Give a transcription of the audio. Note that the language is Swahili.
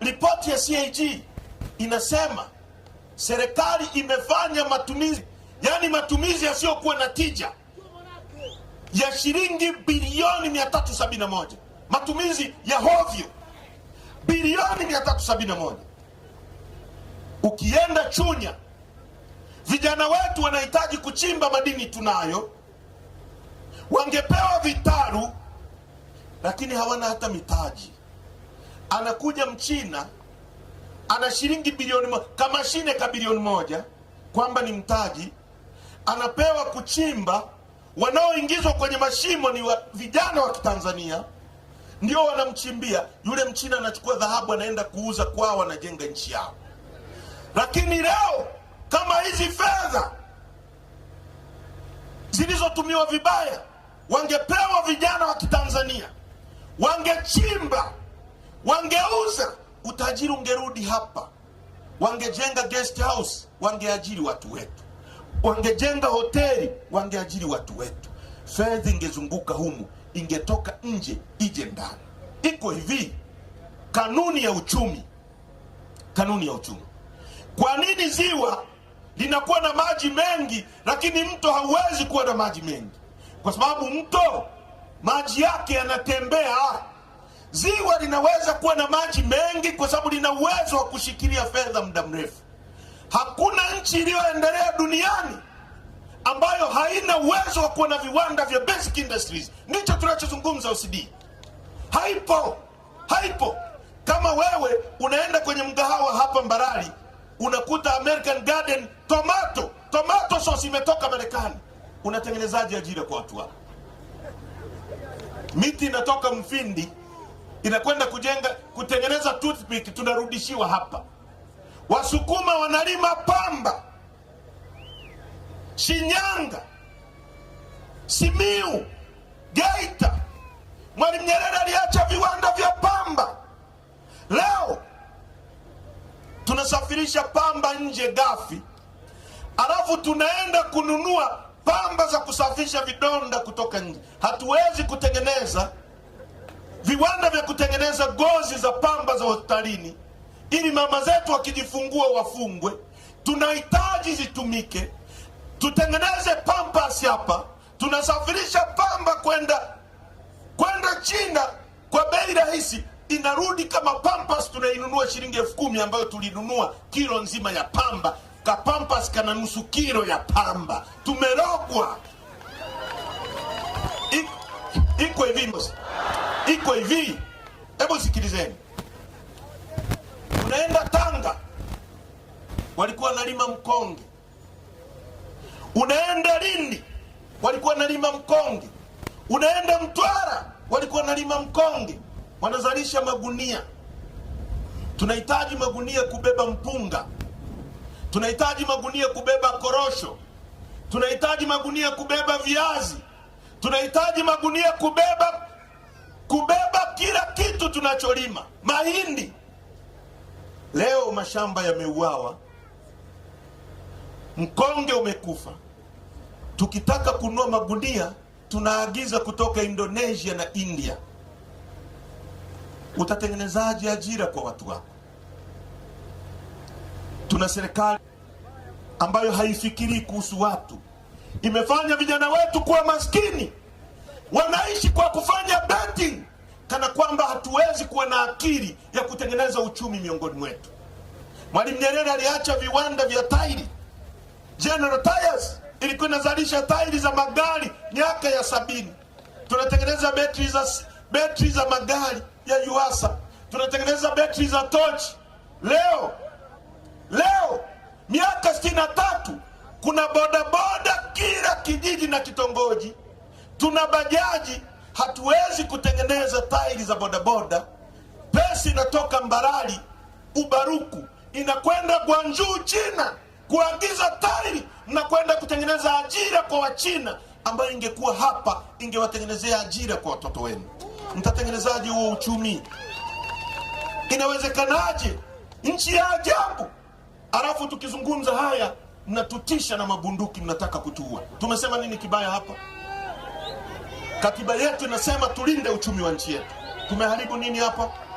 Ripoti ya CAG inasema serikali imefanya matumizi, yani matumizi yasiyokuwa na tija ya shilingi bilioni 371, matumizi ya hovyo bilioni 371. Ukienda Chunya, vijana wetu wanahitaji kuchimba madini, tunayo wangepewa vitaru, lakini hawana hata mitaji anakuja mchina ana shilingi bilioni moja kamashine ka bilioni moja kwamba ni mtaji anapewa kuchimba. Wanaoingizwa kwenye mashimo ni wa, vijana wa Kitanzania ndio wanamchimbia yule mchina. Anachukua dhahabu anaenda kuuza kwao, anajenga nchi yao. Lakini leo kama hizi fedha zilizotumiwa vibaya wangepewa vijana wa Kitanzania wangechimba Wangeuza utajiri ungerudi hapa, wangejenga guest house, wangeajiri watu wetu, wangejenga hoteli, wangeajiri watu wetu. Fedha ingezunguka humu, ingetoka nje ije ndani. Iko hivi, kanuni ya uchumi, kanuni ya uchumi. Kwa nini ziwa linakuwa na maji mengi lakini mto hauwezi kuwa na maji mengi? Kwa sababu mto maji yake yanatembea Ziwa linaweza kuwa na maji mengi kwa sababu lina uwezo wa kushikilia fedha muda mrefu. Hakuna nchi iliyoendelea duniani ambayo haina uwezo wa kuwa na viwanda vya basic industries. Ndicho tunachozungumza OCD. Haipo, haipo. Kama wewe unaenda kwenye mgahawa hapa Mbarali unakuta American Garden tomato tomato sos imetoka Marekani, unatengenezaji ajira kwa watu wako? Miti inatoka Mfindi inakwenda kujenga kutengeneza toothpick, tunarudishiwa hapa. Wasukuma wanalima pamba Shinyanga, Simiu, Geita. Mwalimu Nyerere aliacha viwanda vya pamba. Leo tunasafirisha pamba nje ghafi, alafu tunaenda kununua pamba za kusafisha vidonda kutoka nje. Hatuwezi kutengeneza viwanda vya kutengeneza gozi za pamba za hospitalini, ili mama zetu wakijifungua wafungwe. Tunahitaji zitumike, tutengeneze pampas hapa. Tunasafirisha pamba kwenda kwenda China kwa bei rahisi, inarudi kama pampas. Tunainunua shilingi elfu kumi ambayo tulinunua kilo nzima ya pamba. Ka pampas kana nusu kilo ya pamba, tumerogwa. Iko hivi iko hivi. Hebu sikilizeni, unaenda Tanga walikuwa nalima mkonge, unaenda Lindi walikuwa nalima mkonge, unaenda Mtwara walikuwa nalima mkonge, wanazalisha magunia. Tunahitaji magunia kubeba mpunga, tunahitaji magunia kubeba korosho, tunahitaji magunia kubeba viazi, tunahitaji magunia kubeba kitu tunacholima mahindi. Leo mashamba yameuawa, mkonge umekufa. Tukitaka kunua magunia tunaagiza kutoka Indonesia na India. utatengenezaji ajira kwa watu wako? Tuna serikali ambayo haifikirii kuhusu watu, imefanya vijana wetu kuwa maskini, wanaishi kwa kufa kuwa na akili ya kutengeneza uchumi miongoni mwetu. Mwalimu Nyerere aliacha viwanda vya tairi. General Tires ilikuwa inazalisha tairi za magari miaka ya sabini. Tunatengeneza betri za, betri za magari ya Yuasa, tunatengeneza betri za tochi. Leo leo miaka sitini na tatu kuna bodaboda kila kijiji na kitongoji, tuna bajaji. Hatuwezi kutengeneza tairi za bodaboda gesi inatoka Mbarali Ubaruku inakwenda kwa njuu China kuagiza tairi na kwenda kutengeneza ajira kwa Wachina ambayo ingekuwa hapa ingewatengenezea ajira kwa watoto wenu. mtatengenezaji huo uchumi? Inawezekanaje? Nchi ya ajabu. Alafu tukizungumza haya mnatutisha na mabunduki, mnataka kutuua. Tumesema nini kibaya hapa? Katiba yetu inasema tulinde uchumi wa nchi yetu. Tumeharibu nini hapa?